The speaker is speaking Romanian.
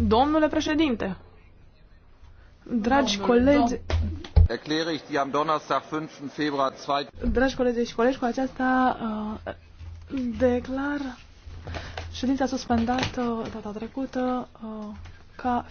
Domnule președinte, dragi colegi, erkläre ich die am Donnerstag, 5. Februar 2. Dragi colegi și colegi, cu aceasta uh, declar ședința suspendată data trecută uh, ca